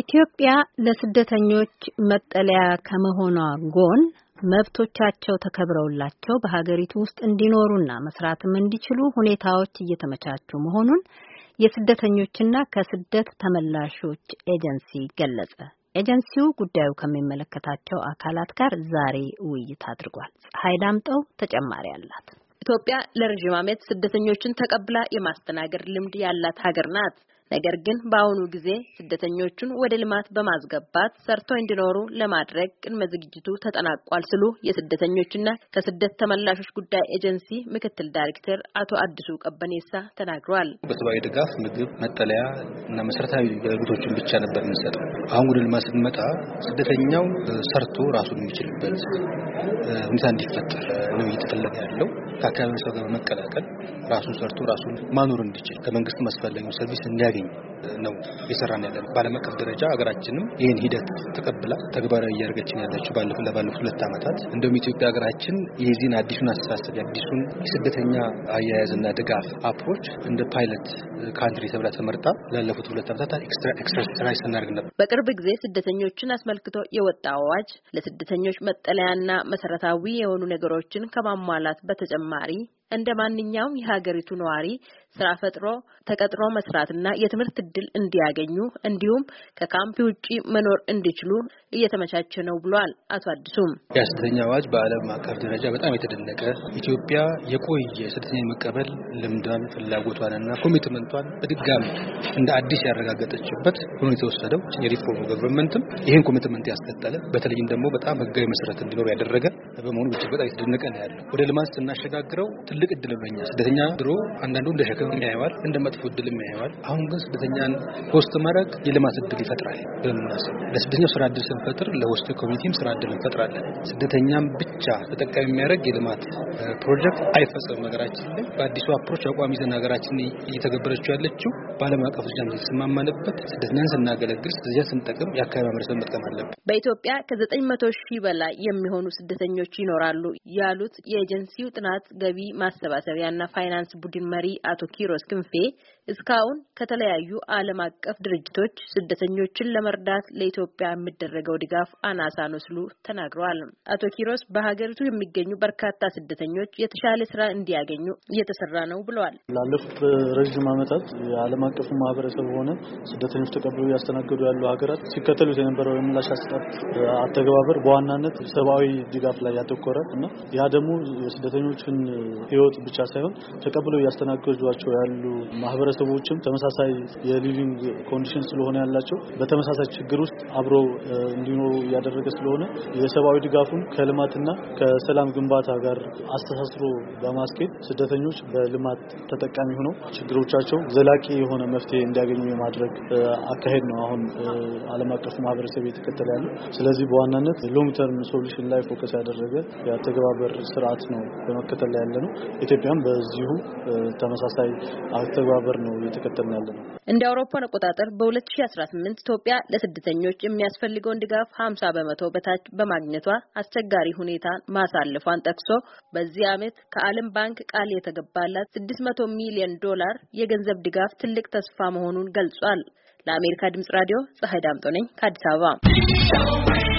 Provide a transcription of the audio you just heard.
ኢትዮጵያ ለስደተኞች መጠለያ ከመሆኗ ጎን መብቶቻቸው ተከብረውላቸው በሀገሪቱ ውስጥ እንዲኖሩና መስራትም እንዲችሉ ሁኔታዎች እየተመቻቹ መሆኑን የስደተኞችና ከስደት ተመላሾች ኤጀንሲ ገለጸ። ኤጀንሲው ጉዳዩ ከሚመለከታቸው አካላት ጋር ዛሬ ውይይት አድርጓል። ፀሐይ ዳምጠው ተጨማሪ አላት። ኢትዮጵያ ለረዥም ዓመት ስደተኞችን ተቀብላ የማስተናገድ ልምድ ያላት ሀገር ናት። ነገር ግን በአሁኑ ጊዜ ስደተኞቹን ወደ ልማት በማስገባት ሰርቶ እንዲኖሩ ለማድረግ ቅድመ ዝግጅቱ ተጠናቋል ሲሉ የስደተኞችና ከስደት ተመላሾች ጉዳይ ኤጀንሲ ምክትል ዳይሬክተር አቶ አዲሱ ቀበኔሳ ተናግረዋል። በሰብአዊ ድጋፍ ምግብ፣ መጠለያ እና መሰረታዊ አገልግሎቶችን ብቻ ነበር የምንሰጠው። አሁን ወደ ልማት ስንመጣ ስደተኛው ሰርቶ ራሱን የሚችልበት ሁኔታ እንዲፈጠር ነው እየተፈለገ ያለው ከአካባቢ ሰው ጋር በመቀላቀል ራሱ ሰርቶ ራሱን ማኖር እንዲችል ከመንግስት መስፈለጊው ሰርቪስ እንዲያገኝ ነው የሰራን ያለ በዓለም አቀፍ ደረጃ ሀገራችንም ይህን ሂደት ተቀብላ ተግባራዊ እያደረገችን ያለችው ባለፉት ለባለፉት ሁለት ዓመታት እንደውም ኢትዮጵያ ሀገራችን የዚህን አዲሱን አስተሳሰብ የአዲሱን የስደተኛ አያያዝና ድጋፍ አፕሮች እንደ ፓይለት ካንትሪ ተብላ ተመርጣ ላለፉት ሁለት ዓመታት ኤክሰርሳይዝ ስናደርግ ነበር። በቅርብ ጊዜ ስደተኞችን አስመልክቶ የወጣ አዋጅ ለስደተኞች መጠለያና መሰረታዊ የሆኑ ነገሮችን ከማሟላት በተጨማሪ እንደ ማንኛውም የሀገሪቱ ነዋሪ ስራ ፈጥሮ ተቀጥሮ መስራትና የትምህርት እድል እንዲያገኙ እንዲሁም ከካምፕ ውጪ መኖር እንዲችሉ እየተመቻቸ ነው ብሏል። አቶ አዲሱም የስደተኛ አዋጅ በዓለም አቀፍ ደረጃ በጣም የተደነቀ ኢትዮጵያ የቆየ ስደተኛ መቀበል ልምዷን ፍላጎቷንና ኮሚትመንቷን በድጋሚ እንደ አዲስ ያረጋገጠችበት ሆኖ የተወሰደው የሪፎርም ገቨርንመንትም ይህን ኮሚትመንት ያስቀጠለ በተለይም ደግሞ በጣም ህጋዊ መሰረት እንዲኖር ያደረገ በመሆኑ እጅግ በጣም የተደነቀ ነው ያለው። ወደ ልማት ስናሸጋግረው ትልቅ እድል ነው። ስደተኛ ድሮ አንዳንዱ እንደ ክብር ያየዋል፣ እንደ መጥፎ እድልም ያየዋል። አሁን ግን ስደተኛን ሆስት መረቅ የልማት እድል ይፈጥራል በምናስብ ለስደተኛው ስራ እድል ስንፈጥር ለሆስት ኮሚኒቲም ስራ እድል እንፈጥራለን። ስደተኛም ብቻ ተጠቃሚ የሚያደርግ የልማት ፕሮጀክት አይፈጸምም ሀገራችን ላይ። በአዲሱ አፕሮች አቋም ይዘን ሀገራችን እየተገበረችው ያለችው በዓለም አቀፍ ደረጃ የተስማማንበት ስደተኛን ስናገለግል ስደተኛ ስንጠቅም የአካባቢ ማህበረሰብ መጥቀም አለብን። በኢትዮጵያ ከዘጠኝ መቶ ሺህ በላይ የሚሆኑ ስደተኞች ይኖራሉ ያሉት የኤጀንሲው ጥናት ገቢ ማሰባሰቢያና ፋይናንስ ቡድን መሪ አቶ ኪሮስ ክንፌ እስካሁን ከተለያዩ ዓለም አቀፍ ድርጅቶች ስደተኞችን ለመርዳት ለኢትዮጵያ የሚደረገው ድጋፍ አናሳ ነው ሲሉ ተናግረዋል። አቶ ኪሮስ በሀገሪቱ የሚገኙ በርካታ ስደተኞች የተሻለ ስራ እንዲያገኙ እየተሰራ ነው ብለዋል። ላለፉት ረዥም ዓመታት የዓለም አቀፉ ማህበረሰብ ሆነ ስደተኞች ተቀብለው እያስተናገዱ ያሉ ሀገራት ሲከተሉት የነበረው የምላሽ አሰጣጥ አተገባበር በዋናነት ሰብአዊ ድጋፍ ላይ ያተኮረ እና ያ ደግሞ የስደተኞችን ህይወት ብቻ ሳይሆን ተቀብለው እያስተናገዷቸው እየገጠማቸው ያሉ ማህበረሰቦችም ተመሳሳይ የሊቪንግ ኮንዲሽን ስለሆነ ያላቸው በተመሳሳይ ችግር ውስጥ አብረው እንዲኖሩ እያደረገ ስለሆነ የሰብአዊ ድጋፉን ከልማትና ከሰላም ግንባታ ጋር አስተሳስሮ በማስኬድ ስደተኞች በልማት ተጠቃሚ ሆነው ችግሮቻቸው ዘላቂ የሆነ መፍትሄ እንዲያገኙ የማድረግ አካሄድ ነው አሁን ዓለም አቀፉ ማህበረሰብ እየተከተለ ያለ። ስለዚህ በዋናነት ሎንግ ተርም ሶሉሽን ላይ ፎከስ ያደረገ የአተገባበር ስርዓት ነው በመከተል ላይ ያለ ነው። ኢትዮጵያም በዚሁ ተመሳሳይ አስተባበር ነው እየተከተልን ያለ ነው። እንደ አውሮፓን አቆጣጠር በ2018 ኢትዮጵያ ለስደተኞች የሚያስፈልገውን ድጋፍ 50 በመቶ በታች በማግኘቷ አስቸጋሪ ሁኔታ ማሳለፏን ጠቅሶ በዚህ ዓመት ከዓለም ባንክ ቃል የተገባላት 600 ሚሊዮን ዶላር የገንዘብ ድጋፍ ትልቅ ተስፋ መሆኑን ገልጿል። ለአሜሪካ ድምጽ ራዲዮ ፀሐይ ዳምጦ ነኝ ከአዲስ አበባ።